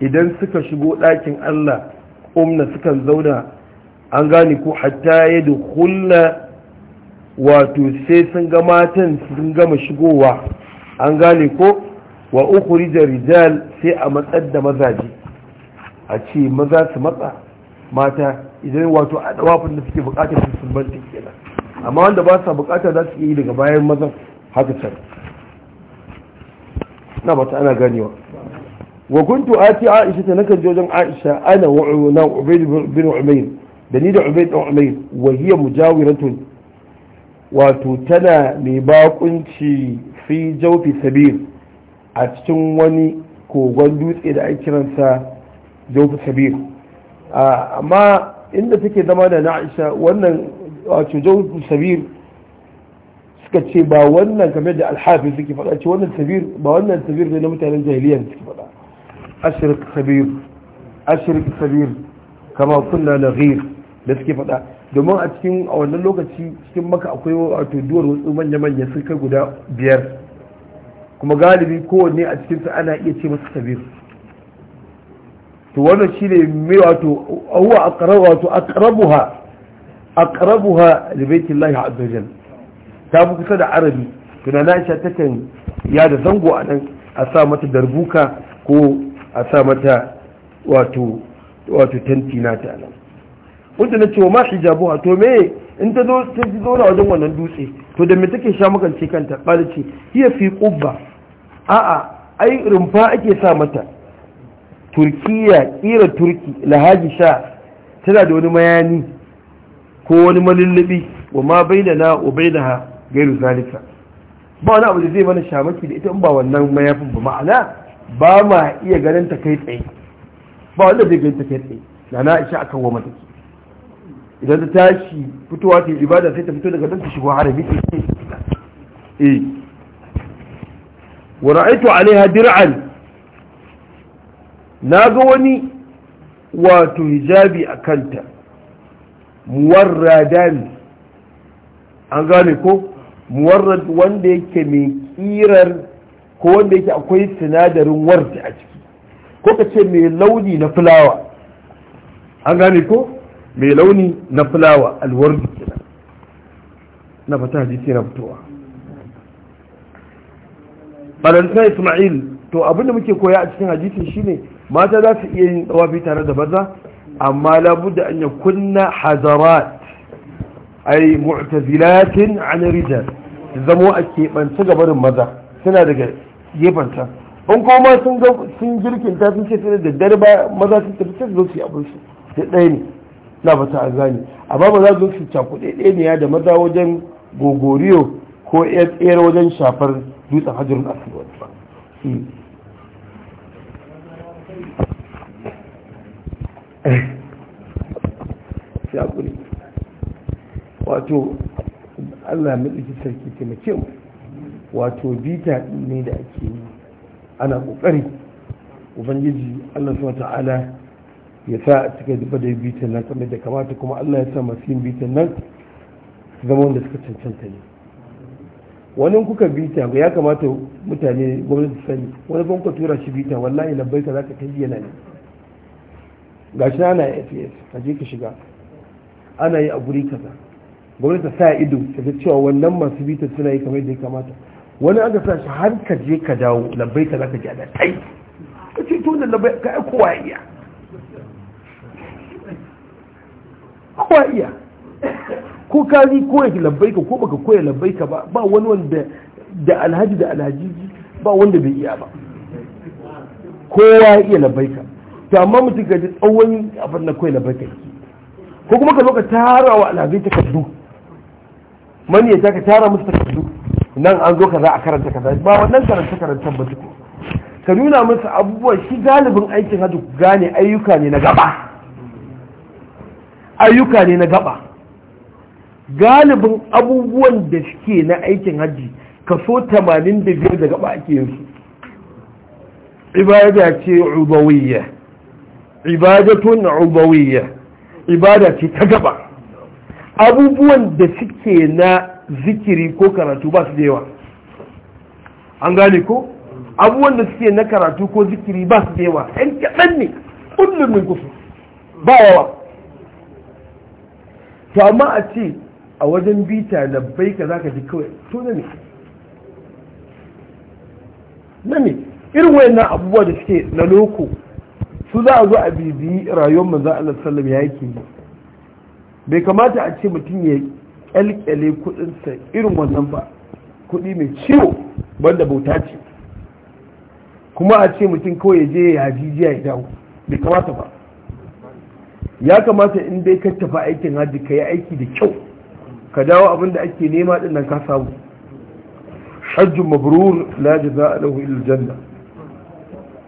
idan suka shigo ɗakin Allah umna sukan zauna an gane ko hatta ya da wato sai sun ga matan sun gama shigowa an gane ko wa ukhrija rijal sai a matsar da mazaje a ce maza su matsa mata idan wato a dawafin da suke bukatar su sun bar kenan amma wanda ba sa bukata za su yi daga bayan mazan haka can na ba ta ana ganewa wa kuntu ati aisha ta nakan je wajen aisha ana wa na ubayd bin umayr da ni da ubayd bin umayr wa hiya mujawiratun wato tana mai bakunci fi jawfi sabil a cikin wani kogon dutse da ake kiransa jawfu sabir amma inda take zama da na'isha wannan wato jawfu sabir suka ce ba wannan kamar da alhafi suke faɗa ce wannan sabir ba wannan sabir ne na mutanen jahiliya suke faɗa ashirik sabir ashirik sabir kama kunna na da suke faɗa domin a cikin a wannan lokaci cikin maka akwai wato duwar wasu manya-manya sun kai guda biyar kuma galibi kowanne a cikinsu ana iya ce masa kabir to wannan shine mai wato huwa aqrab wato aqrabuha aqrabuha li baitillahi azza wajal ta fi kusa da arabi na Aisha takan ya da zango a nan a sa mata darbuka ko a sa mata wato wato tanti ta nan wanda na ce wa ma hijabu to me in ta zo ta zo na wajen wannan dutse to da me take sha magance kanta ce, hiya fi qubba a'a ai rumfa ake sa mata turkiya kira turki lahaji sha tana da wani mayani ko wani malullubi wa ma bainana wa bainaha gairu zalika ba wani abu da zai mana shamaki da ita in ba wannan mayafin ba ma'ana ba ma iya ganin ta kai tsaye ba wanda zai ganin ta kai tsaye na na isha akan wa mataki idan ta tashi fitowa ta yi ibada sai ta fito daga nan ta shigo harami eh wa ra'aytu 'alayha dir'an ga wani wato hijabi a kanta muwarradan an gane ko muwarrad wanda yake mai kirar ko wanda yake akwai sinadarin wardi a ciki ko ka ce mai launi na fulawa an gane ko mai launi na fulawa alwardu kenan na fata hadisi na fitowa balanta ismail to abinda muke koya a cikin hadisi shine mata za su iya yin tsawafi tare da maza amma labudda an ya kunna hazarat ay mu'tazilatin an rijal zamo a keɓance gabarin maza suna daga gefanta in kuma sun girkin ta sun ce da dare ba maza sun tafi sai zo su yi abin su da ɗaya ne na fata an zane amma ba za su su cakuɗe ɗaya ne ya da maza wajen gogoriyo ko ɗaya wajen shafar dutsen hajjirin asibiyar ba hmm. shakuri wato allah maɗauki sarki taimake mu wato bita ne da ake yi ana ƙoƙari ubangiji allah su wata'ala ya sa a cikin dubba da bitan nan kamar da kamata kuma Allah ya sa masu yin bitan nan su zama wanda suka cancanta ne wani kuka bita ya kamata mutane gwamnati sani wani ban tura shi bita wallahi labbai za ka kai yana ne ga shi ana fs ka je ka shiga ana yi a guri kaza gwamnati ta sa ido ta ga cewa wannan masu bita suna yi kamar da ya kamata wani aka sa shi har ka je ka dawo labbai ka ka ji a da tai ka ce to labbai ka ai kowa iya kowa iya ko ka zai koya ki labbaika ko baka koya labbaika ba ba wani wanda da alhaji da alhaji ba wanda bai iya ba kowa iya labbaika to amma mutum ka ji tsawon abin na koya labbaika ko kuma ka zo ka tara wa alhazai takardu ya ka tara musu takardu nan an zo ka za a karanta kaza ba wannan karanta karanta ba ka nuna musu abubuwa shi galibin aikin hajji gane ayyuka ne na gaba ayyuka ne na gaba galibin abubuwan da suke na aikin hajji kaso 85 da gaba ake yin su ibada ce ubawiyya ibadatun ubawiyya ibada ce ta gaba abubuwan da suke na zikiri ko karatu ba su da yawa an gane ko abubuwan da suke na karatu ko zikiri ba su da yawa yan kaɗan ne kullum kusur kusa ba yawa to amma a ce a wajen bita labbai ka za ka ji kawai to na ne na ne irin na abubuwa da suke na loko su za a zo a bibiyi rayuwar maza Allah sallam ya yake bai kamata a ce mutum ya kyalkyale kudinsa irin wannan ba kudi mai ciwo banda bauta ce kuma a ce mutum kawai ya je ya jiya ya dawo bai kamata ba ya kamata in dai ka tafi aikin hajji ka yi aiki da kyau ka dawo abin da ake nema din nan ka samu Hajji mabrur la jaza lahu illa janna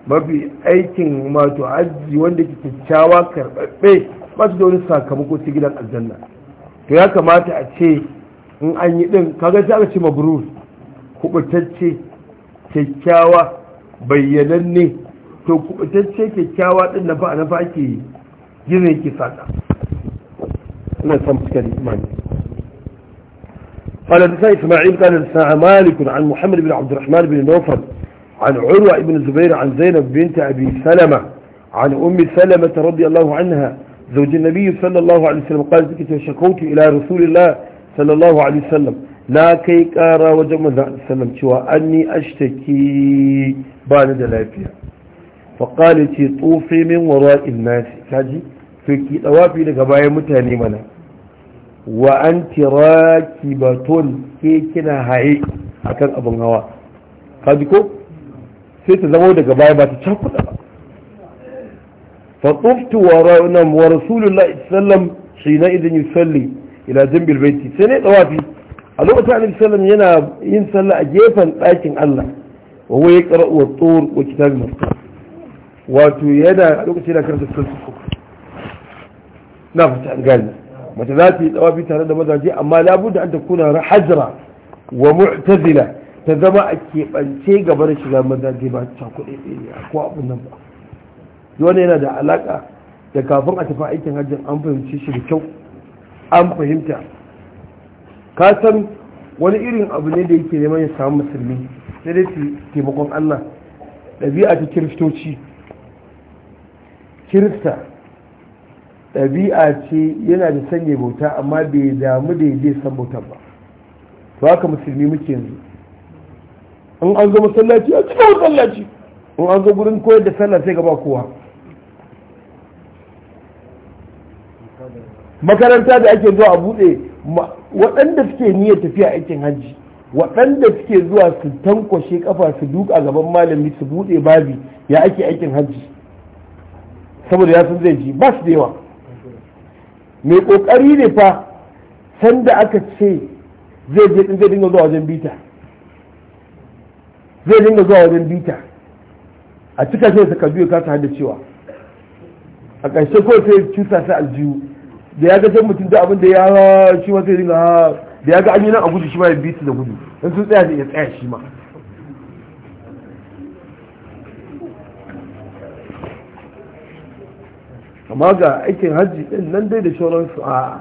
mafi aikin mato hajji wanda ke kyakkyawa karbabbe ba su da wani sakamako ta gidan aljanna to ya kamata a ce in an yi din kaga sai aka ce mabrur kubutacce kyakkyawa bayyananne to kubutacce kyakkyawa din na fa na ba ake yi gizo yake saka ina قال حدثنا إسماعيل قال حدثنا مالك عن محمد بن عبد الرحمن بن نوفل عن عروة بن الزبير عن زينب بنت أبي سلمة عن أم سلمة رضي الله عنها زوج النبي صلى الله عليه وسلم قال ذلك شكوت إلى رسول الله صلى الله عليه وسلم لا كي قارا وجمع ذا شوى أني أشتكي بان دلافيا فقالت طوفي من وراء الناس كاجي fiki ki tsawafi daga bayan mutane mana wa an tiraki baton ke kina haye akan abin hawa kaji ko sai ta zama daga baya ba ta cakuɗa ba fatsuftu wa ra'unan wa rasulullah sallam shi na idan yi salli ila jambil baiti sai ne tsawafi a lokacin annabi sallam yana yin sallah a gefen ɗakin Allah wa wai qara'u wa tur wa kitab masqal wato yana a lokacin da karanta sallah na fita an gani mace za ta yi tsawafi tare da mazaje amma labuda an ta kuna hajra wa mu'tazila ta zama a keɓance gaba da shiga mazaje ba ta kuɗi ɗaya ko abin nan ba wani yana da alaƙa da kafin a tafi aikin hajjin an fahimci shi da kyau an fahimta ka san wani irin abu ne da yake neman ya samu musulmi sai dai su taimakon allah ɗabi'a ta kiristoci kirista ɗabi'a ce yana da sanya bauta amma bai damu da yaje san bautar ba to haka musulmi muke yanzu in an zo masallaci a cikin masallaci in an zo gurin koyar da sallah sai gaba kowa makaranta da ake zuwa a buɗe waɗanda suke niyyar tafiya aikin hajji waɗanda suke zuwa su tankwashe kafa su duka gaban malami su buɗe babi ya ake aikin hajji saboda ya san zai ji ba su da yawa mai kokari ne fa sanda aka ce zai je zai dinga zuwa wajen bita zai dinga zuwa wajen bita a cika sai saka biyu kasa da cewa a ƙarshe ko sai cuta sai aljihu da ya ga can mutum da abin da ya shi ma sai dinga da ya ga an yi nan a gudu shi ma ya bita da gudu sun tsaya da ya tsaya shi ma amma ga aikin hajji ɗin nan dai da shauransu a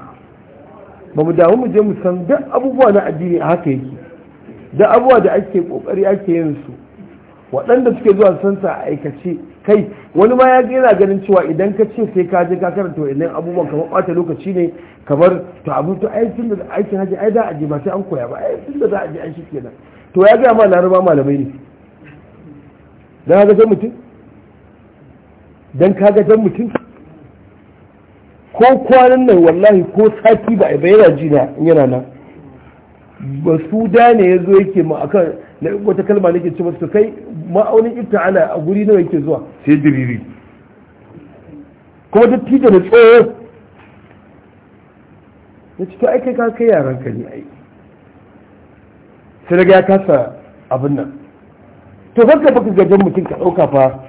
ba mu damu mu je mu san duk abubuwa na addini a haka yake duk abubuwa da ake kokari ake yin su waɗanda suke zuwa san sa aikace kai wani ma ya yana ganin cewa idan ka ce sai ka je ka karanta wannan abubuwan kamar ɓata lokaci ne kamar to abu to ai tun da aikin hajji ai da a je ba sai an koya ba ai tun da za a je an shi kenan to ya ga ma laraba malamai ne dan ga mutum dan ka ga mutum ko kwanan nan wallahi ko sati ba a bayyana jina yana nan ba su da ne ya zo yake ma akan na wata kalma nake ce masu kai ma'aunin ana a guri nawa yake zuwa sai diriri kuma duk tijar da tsoho ya ci to aikai ka kai yaran ka ne ai sai daga ya kasa abin nan to kanka baka gajen mutum ka ɗauka fa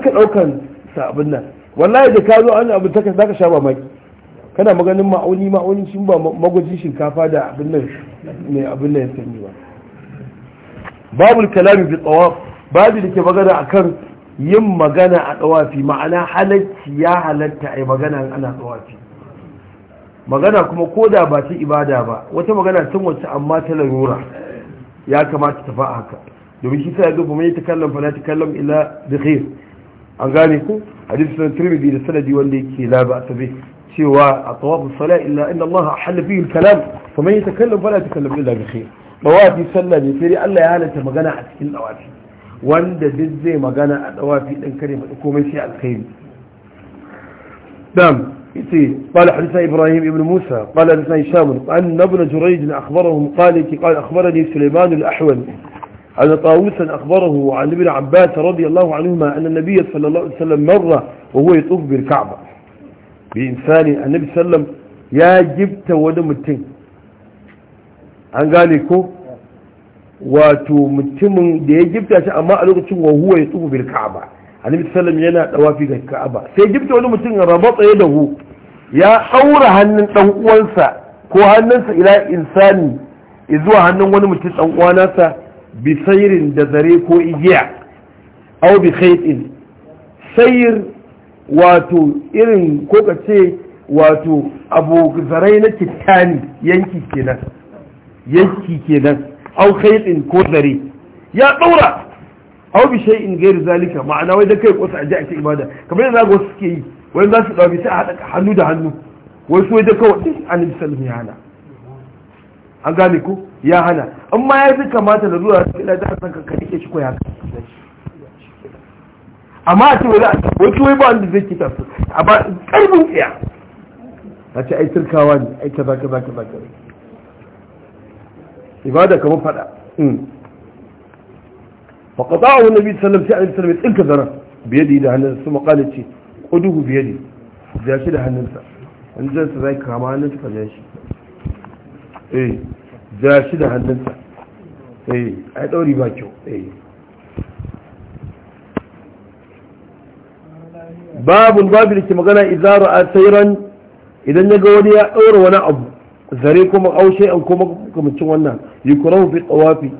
ka ɗaukan sa abin nan wallahi da ka zo an abu ta zaka sha ba mai kana maganin ma'auni ma'auni shi ba magwaji shinkafa da abin nan mai abin nan ya sanyi ba babul kalami bi tsawaf babu da ke magana akan yin magana a tsawafi ma'ana halacci ya halatta a magana ana tsawafi magana kuma ko da ba ta ibada ba wata magana tun wacce amma ta larura ya kamata ta fa'a haka domin shi sai ya zo ba mai ta kallon fa na ta kallon illa da khair an gane ku hadisi sunan tirmidhi da sanadi wanda yake la ba tabi cewa a tawafu sala illa inna allaha ahalla fihi al-kalam fa man yatakallam fala yatakallam illa bi khair dawafi sallah ne sai Allah ya halatta magana a cikin dawafi wanda duk zai magana a dawafi din kare faɗi komai sai alkhairi dam يتي قال حدثنا إبراهيم بن موسى قال حدثنا هشام أن ابن جريج أخبرهم قال قال أخبرني سليمان الأحول أن طاووسا أخبره عن ابن عباس رضي الله عنهما أن النبي صلى الله عليه وسلم مر وهو يطوف بالكعبة بإنسان النبي صلى الله عليه وسلم يا جبت ودمتين wato mutumin da ya gifta shi amma a lokacin wa huwa ya ka'aba annabi sallam yana dawafi ga ka'aba sai gifta wani mutum rabata ya dahu ya daura hannun dan uwansa ko hannunsa ila insani zuwa hannun wani mutum dan uwansa bi da zare ko igiya au bi khaitin sayir wato irin ko kace wato abu zarai na kittani yanki kenan yanki kenan au khaitin ko zare ya daura au bi shay'in zalika ma'ana wai da kai ko sa aje ake ibada kamar yadda wasu suke yi wai za su dawo sai a hada hannu da hannu wai su wai da kawai annabi sallallahu alaihi wasallam ya hana an gane ku ya hana amma ya fi kamata da zuwa ila da san kanka rike shi ko ya amma a ce wani a wai ba wanda zai kita tafi a ba karfin tsaya a ce ai turkawa ne ai kaza kaza kaza kaza ibada kamar fada hmm. fa qata'ahu nabi sallallahu alaihi wasallam sai yi sallallahu tsinka zara biye da hannunsa kuma kale ce ƙudu biye da shi da hannunsa an zai sai kama hannunsa ka shi eh ja shi da hannunsa eh yi dauri ba kyau eh babun babu da ke magana izaru a tsairan idan ya ga wani ya ɗaura wani abu zare kuma aushe an kuma kamacin wannan yi kura fi tsawafi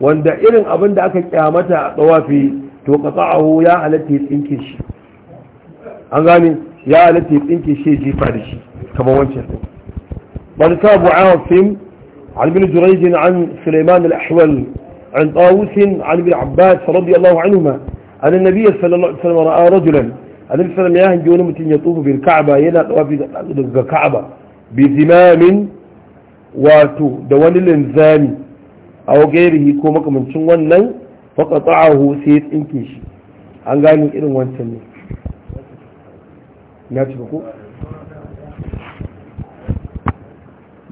wanda irin abin da aka kyamata a tsawafi to ka tsa'ahu ya halatta ya tsinke shi an gane ya halatta ya tsinke shi ya jefa da shi kamar wancan بعد أبو عاصم عن ابن جريج عن سليمان الأحول عن طاووس عن ابن عباس رضي الله عنهما أن النبي صلى الله عليه وسلم رأى رجلا أن النبي صلى الله عليه وسلم يهن يطوف بالكعبة ينا في الكعبة بزمام واتو دوان الانزام أو غيره كما كمن شنوانا فقطعه سيد انكيش an gano irin wancan ne ya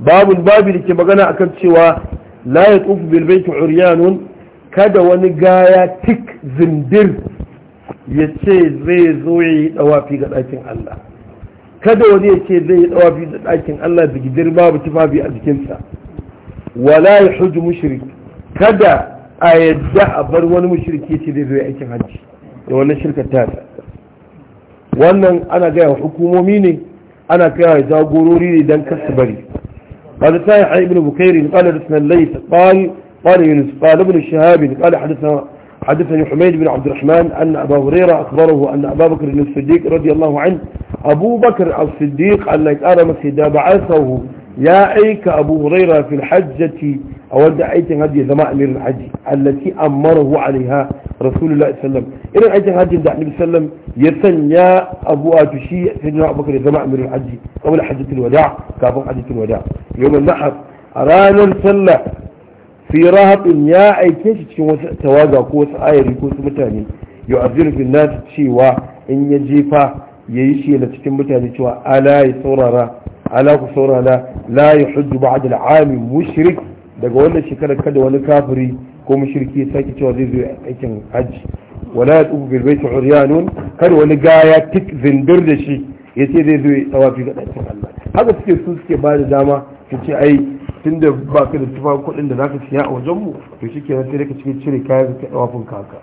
babun babu da ke magana akan cewa la ya tsufu bilbaiti uriyanun kada wani gaya tik zindir ya ce zai zo ya yi dawafi ga ɗakin Allah kada wani ya ce zai yi dawafi ga ɗakin Allah da gidir babu tufafi a jikinsa wala ya hujju mushrik kada a yadda a bar wani mushriki ce zai zo ya aikin hajji da wannan shirka ta wannan ana gaya wa hukumomi ne ana kai wa jagorori ne don kasu bari قال سائح ابن بكير قال حدثنا الليث قال قال يونس قال ابن الشهاب قال حدثنا حدثني حميد بن عبد الرحمن أن أبا هريرة أخبره أن أبا بكر الصديق رضي الله عنه أبو بكر الصديق الذي أرمس إذا بعثه يا أيك أبو هريرة في الحجة أود أيت هذه ذمائم الحج التي أمره عليها rasulullahi sallam irin aikin hajjin da annabi sallam ya sanya abu a tushi sayyidina abubakar ya zama amirul hajji qabl hajjatul wada kafin hajjatul wada yawm nahar a ranar sallah fi ya aike shi cikin wasu tawaga ko wasu ayari ko wasu mutane yu'azziru fil nas cewa in ya jefa yayi shela cikin mutane cewa ala ya saurara ala ku saurara la yahujju ba'da al-'ami mushrik daga wannan shekarar kada wani kafiri ko mushriki ya sake cewa zai zo aikin hajji wala ya tsubu bil baiti uryanun kar wani gaya tik zindir da shi ya ce zai zo ya tawafi ga ɗakin Allah haka suke su suke ba da dama su ce ai tunda ba ka da tufa kuɗin da zaka siya a wajenmu mu to shi kenan sai ka cikin cire kayan ka tawafin kaka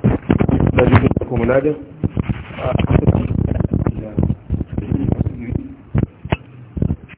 da kuma nadin